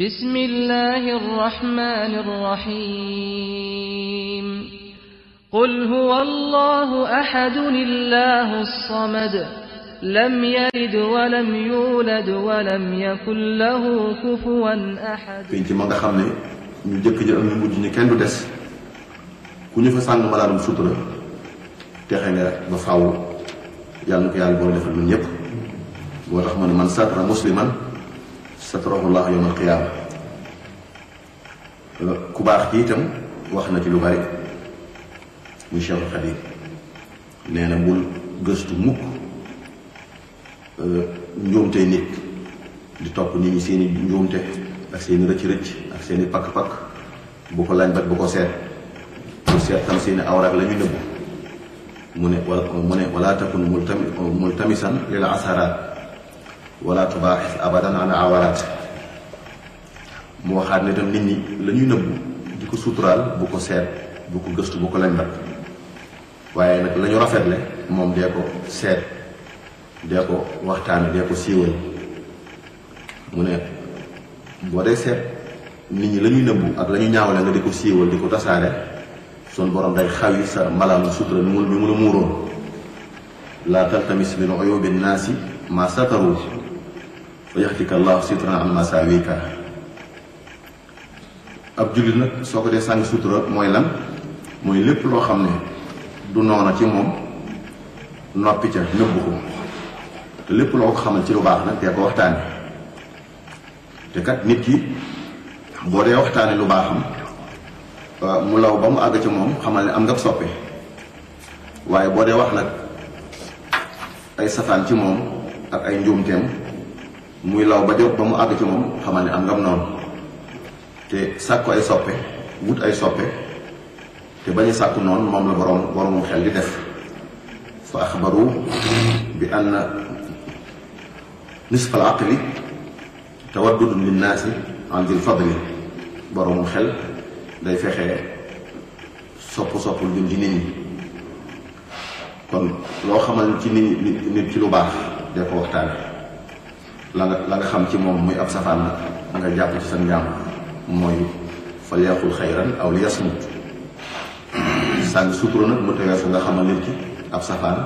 بسم الله الرحمن الرحيم قل هو الله أحد الله الصمد لم يلد ولم يولد ولم يكن له كفوا أحد pénc ma nga xam ne ñu jëkk ji ak ñu mujj ñi kenn du des ku ñu fa sàng malaanum sutura texe nga ba faaw yàlla na ko yàlla boo defal ñun ñëpp boo tax ma ne man satara musliman saturahu llahu yawmal qiyaama ku baax ji itam wax na ci lu bari muy Cheikhul Xadim nee na bul gëstu mukk euh, njuumte nit di topp nit ñi seeni njuumte ak seeni rëcc rëcc ak seeni pakk pakk bu ko lañ bat bu ko seet bu seet tam seeni awraag la nëbbu mu ne wala mu ne wala takun multami multamisan asaraat wala tubaaxis abadan an awaraat mu waxaat ne tam nit ñi la nëbbu di ko suturaal bu ko seet bu ko gëstu bu ko lañ bat waaye nag la rafetle moom dee ko seet dee ko waxtaane dee ko siiwal mu ne boo dee seet nit ñi lañuy nëbbu ak la ñu ñaawale nga di ko siiwal di ko tasaare son borom day xawi sa malaanu sutura mi mu mi mun a muuroon laa taltamis min uyubi naasi ma sataru wa yaxtika allah sitran an masawika ab jullit nag soo ko dee sàng sutura mooy lan mooy lépp loo xam ne du noona ci moom noppi ca nëbbu ko te lépp loo ko xamal ci lu baax nag dee ko waxtaane te kat nit ki boo dee waxtaane lu baaxam ah, mu law ba mu àgg ci moom xamal ne am nga soppe waaye boo dee wax nag ay safaan ci moom ak ay njuumteem muy law ba jot ba mu àgg ci moom xamal ne am ngam noonu te sàkku ay soppe wut ay soppe te bañ a noonu moom la boroom boroomu xel di def fa axbaru bi ann nisfal aqli tawaddudun lin naasi an dil boroomu xel day fexee sopp sopp lu jëm ci nit ñi kon loo xamal ci nit nit ci lu baax dee ko waxtaane la nga la nga xam ci moom muy ab safaan la nga jàpp ci sa njaam mooy fa leexul xayran aw li yasmut sàng sutura nag mu teweesu nga xam nit ki ab safaan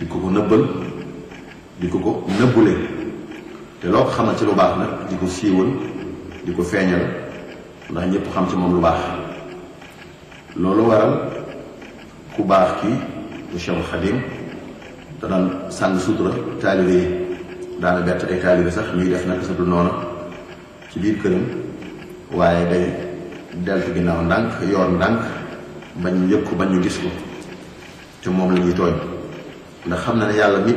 di ko ko nëbbal di ko ko nëbbule te loo ko xamal ci lu baax nag di ko siiwal di ko feeñal ndax ñëpp xam ci moom lu baax loolu waral ku baax ki bu Cheikh Xadim danaan sàng sutura taalibe yi daana bett ay taalibe sax ñuy def naka satul noonu ci biir këram waaye day deltu ginnaaw ndànk yoon ndànk bañ ñu ko bañ ñu gis ko te moom la tooñ ndax xam na ne yàlla nit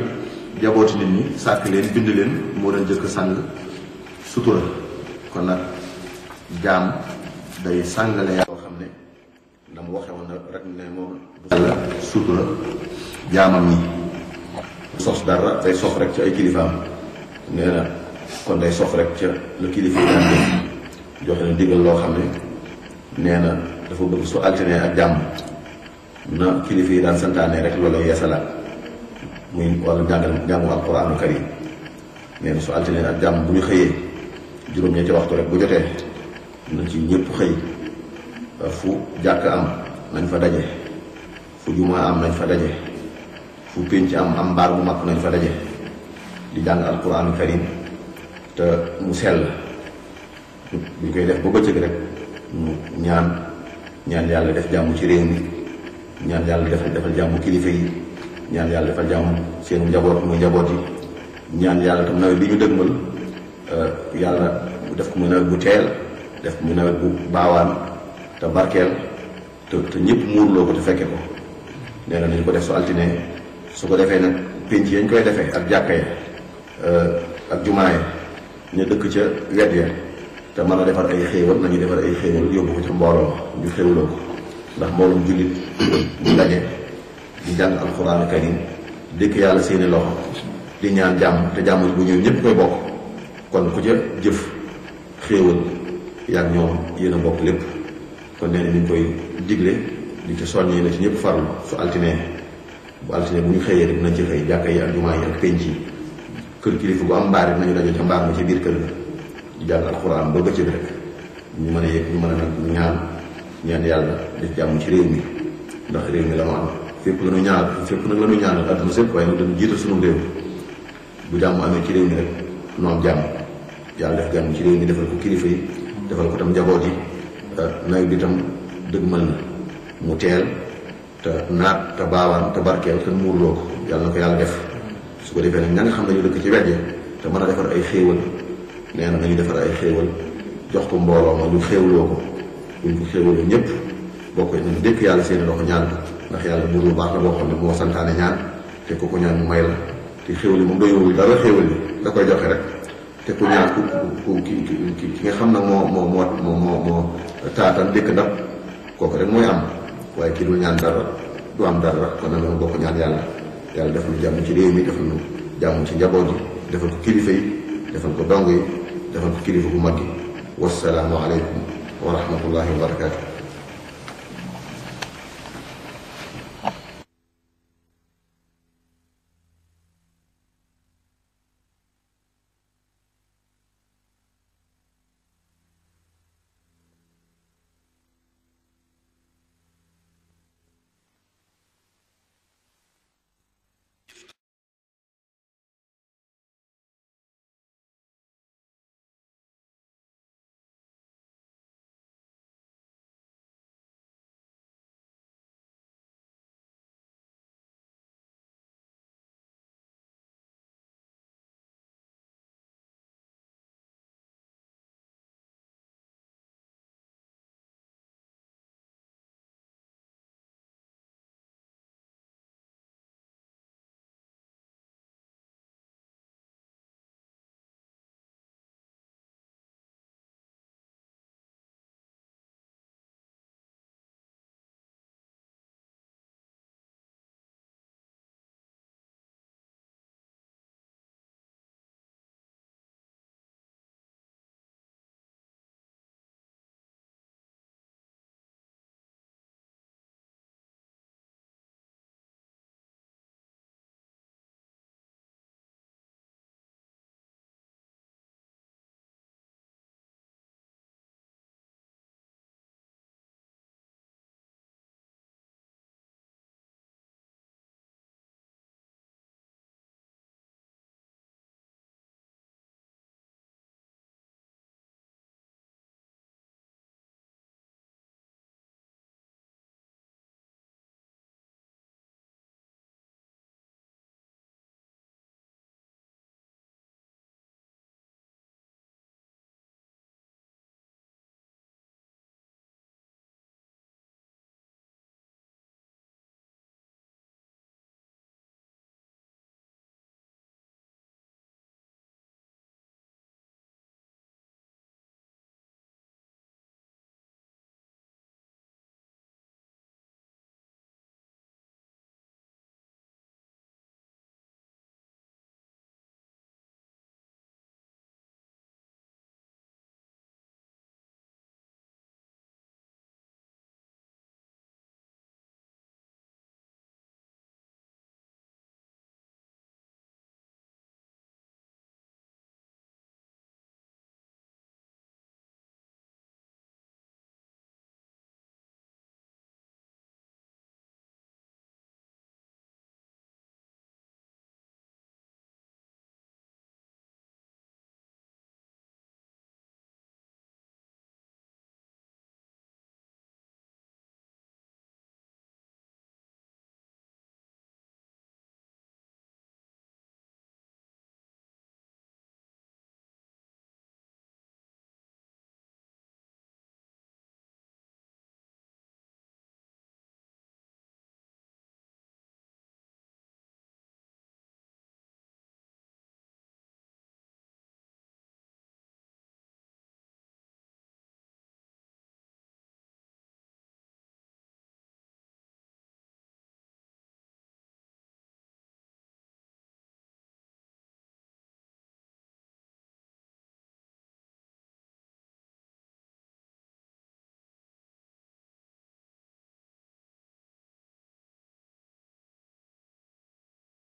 jabooti nit ñi sàkk leen bind leen moo leen jëkk sàng sutura kon nag jaam day sàngale yàlla xam ne dama waxe woon rek ne moom yàlla sutura jaamam yi sos dara day sof rek ci ay kilifaam nee na kon day sof rek ca la kilifa yi daan def joxe na digal loo xam ne nee na dafa bëgg su altine ak jàmm na kilifa yi daan santaane rek loolu yeesalaat muy wàllu jàngal jàngu alquraanu karim nee na su altine ak jàmm bu ñu xëyee juróom-ñetti waxtu rek bu jotee na ci ñëpp xëy fu jàkk am nañ fa daje fu jumaa am nañ fa daje fu pénc am am mbaar mu mag nañ fa daje di jàng alquran karim te mu sell bu ñu koy def ba bëccëg rek ñaan ñaan yàlla def jàmm ci réew mi ñaan yàlla defal jàmm kilifa yi ñaan yàlla defal jàmm seen njaboot muy njaboot yi ñaan yàlla tam nawet bi ñu dëgmal euh, yàlla def ko mu nawet bu teel def ko mu nawet bu baawaan te barkeel te te ñëpp muurloo ko te fekke ko nee na nañu ko def su altine su ko defee nag pénc yañ koy defee ak jàkka ya ak jumaay ñu dëkk ca wet ya te mën a defar ay xéewal nañu defar ay xéewal yóbbu ko ca mbooloo ñu xéewloo ko ndax mbooloom jullit ñu daje di jàng alxuraan karim dékk yàlla seeni loxo di ñaan jàmm te jàmm bu ñëw ñëpp koy bokk kon ku ca jëf xéewal yaa ñoom yéen bokk lépp kon nee na ñu koy digle di ci soññee na ci ñëpp farlu su altine bu altine bu ñu xëyee rek nañ ci xëy jàkka yi ak jumaa yi ak penc yi kër kilifa gu am mbaar nañu daje ca mbaar ma ci biir kër ga di alxuraan ba bëccëg rek ñu mën a yëg ñu mën a nag ñaan ñaan yàlla def jàmm ci réew mi ndax réew mi la ma bu jàmm amee ci réew mi rek nu am jàmm yàlla def jàmm ci réew mi defal ko kilifa yi defal ko tam njaboot yi nawet bi tam dëgmal na mu teel te naat te baawaan te barkeel te muurloo ko yàlla na ko yàlla def su ko defee nag ña xam ne ñu dëkk ci wejje te mën a defar ay xéewal neen na nañu defar ay xéewal jox ko mbooloo ma ñu xéewloo ko buñ ko xéewaloo ñëpp bokk yàlla seeni loxo ñaan ko ndax yàlla buur bu baax la xam ne moo santaane ñaan te ko ñaan mu may la te xéewal yi moom doyowul dara koy joxe rek te xam ne moo moo moo moo moo taatan dëkk ndab kooku rek mooy am waaye kii dul ñaan dara du am dara kon nag bokk ñaan yàlla yàlla defal nu jàmm ci réew mi defal nu jàmm ci njaboot yi defal ko kilifa yi defal ko dong yi defal ko kilifa bu mag yi wasalaamu aleykum wa rahmatullahi wa barakatu